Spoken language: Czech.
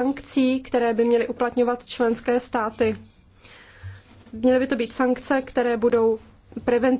sankcí, které by měly uplatňovat členské státy. Měly by to být sankce, které budou preventivní.